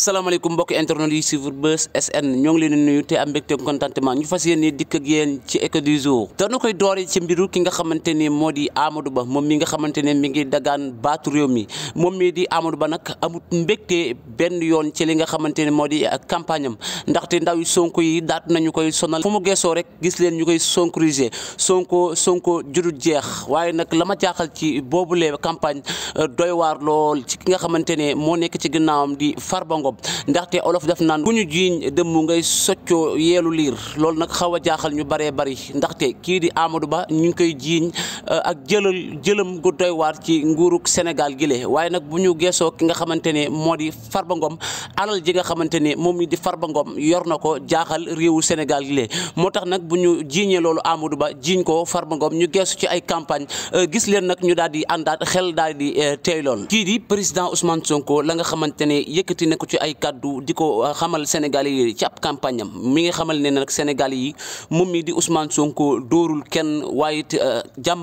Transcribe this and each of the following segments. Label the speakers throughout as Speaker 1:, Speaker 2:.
Speaker 1: salaamaaleykum mbokk internet yi suivre Buzz SN ñoo ngi leen di nuyu te am mbégte contentement ñu fas yéene dikk ak yéen ci écho du jour danu koy doori ci mbiru ki nga xamante ni moo di amadu Ba moom mi nga xamante ne mi ngi dagaan baatu réew mi moom mii di Amadou Ba nag amut mbégte benn yoon ci li nga xamante ne moo di campagne am ndaxte ndaw yi sonk yi daat nañu koy sonal fu mu geesoo rek gis leen ñu koy sonkorisé Sonko Sonko judul jeex waaye nag la ma jaaxal ci boobule campagne euh, doy waar lool ci ki nga xamante ne moo nekk ci ginnaawam di Farba bopp ndaxte olof def naan ku ñu jiiñ dëmm ngay soccoo yeelu liir loolu nag xaw a jaaxal ñu baree bari ndaxte kii di Amadou Ba ñu ngi koy jiiñ Euh, ak jëlal jëlam gu doy waat ci nguurug Sénégal gi le waaye nag bu ñu geesoo ki nga xamante ne moo di Farba Ngom ji nga xamante ne moom mi di Farba Ngom yor na ko jaaxal réewu Sénégal gi le moo tax nag bu ñu jiiñee loolu Amadou Ba jiiñ ko Farba Ngom ñu geesu ci ay campagne euh, gis leen nag ñu daal di àndaat xel daal di euh, teey lool kii di président Ousmane Sonko la nga xamante ne yëkkati na ko ci ay kàddu di ko xamal Sénégalais yi ci ab campagne mi nga xamal ne nag sénégal yi moom mi di Ousmane Sonko dóorul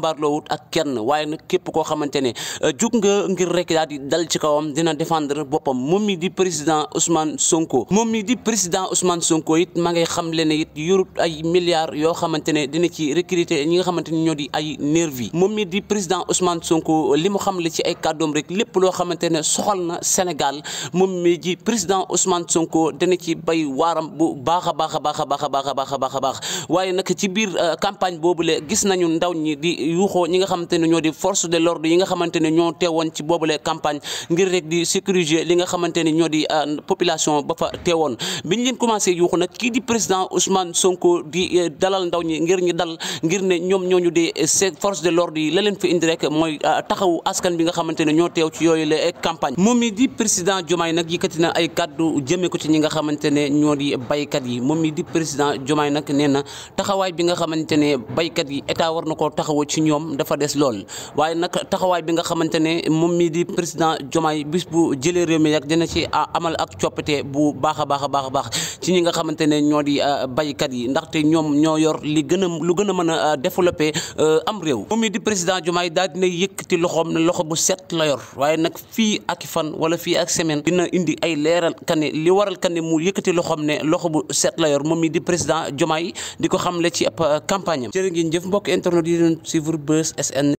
Speaker 1: jàmbaarloo wut ak kenn waaye nag képp koo xamante ne euh, nga ngir rek daal di dal ci kawam dina défendre boppam moom mi di président Ousmane Sonko moom mi di président Ousmane Sonko it ma ngay xam leen it yorut ay milliards yoo xamante ne dina ci recruter ñi nga xamante ne ñoo di ay nervi moom mi di président Ousmane Sonko li mu xam le ci ay kàddoom rek lépp loo xamante ne soxal na Sénégal moom mi ji président Ousmane Sonko dina ci bay waaram bu baax a baax a baax a baax a baax a baax a baax waaye nag ci biir euh, campagne boobu le gis nañu ndaw ñi yuuxoo ñi nga xamante ne ñoo di force de l'ordre yi nga xamante ne ñoo teewoon ci boobule campagne ngir rek di sécuriser li nga xamante ne ñoo di euh, population ba fa teewoon biñ leen commencé yuuxu nag kii di président Ousmane Sonko di euh, dalal ndaw ñi ngir ñi dal ngir ne ñoom ñooñu di euh, force de l'ordre yi la leen fi indi rek mooy taxawu askan bi nga xamante ne ñoo teew ci yooyu la campagne moom mi di président Diomaye nag yëkkati na ay kaddu jëmee ko ci ñi nga xamante ne ñoo di baykat yi moom mi di président Diomaye nag nee na taxawaay ñoom dafa des lool waaye nag taxawaay bi nga xamante ne moom mii di président Diomaye bis bu jëlee réew mi rek dina ci ah, amal ak coppite bu baax a baax a a baax ci ñi nga xamante ne ñoo di ah, baykat yi ndaxte ñoom ñoo yor li gën a lu gën a mën a ah, développer am réew moom mii di président Diomaye daal dina yëkkati loxoom ne loxo bu set la yor waaye nag fii ak fan wala fii ak semaine dina indi ay leeral kane li waral kane mu yëkkati loxoom ne loxo bu set la yor moom mii di président Diomaye di ko xamle ci ab campagne am jërë ngeen jëf mbokk internet yi doon suivre Buzz SN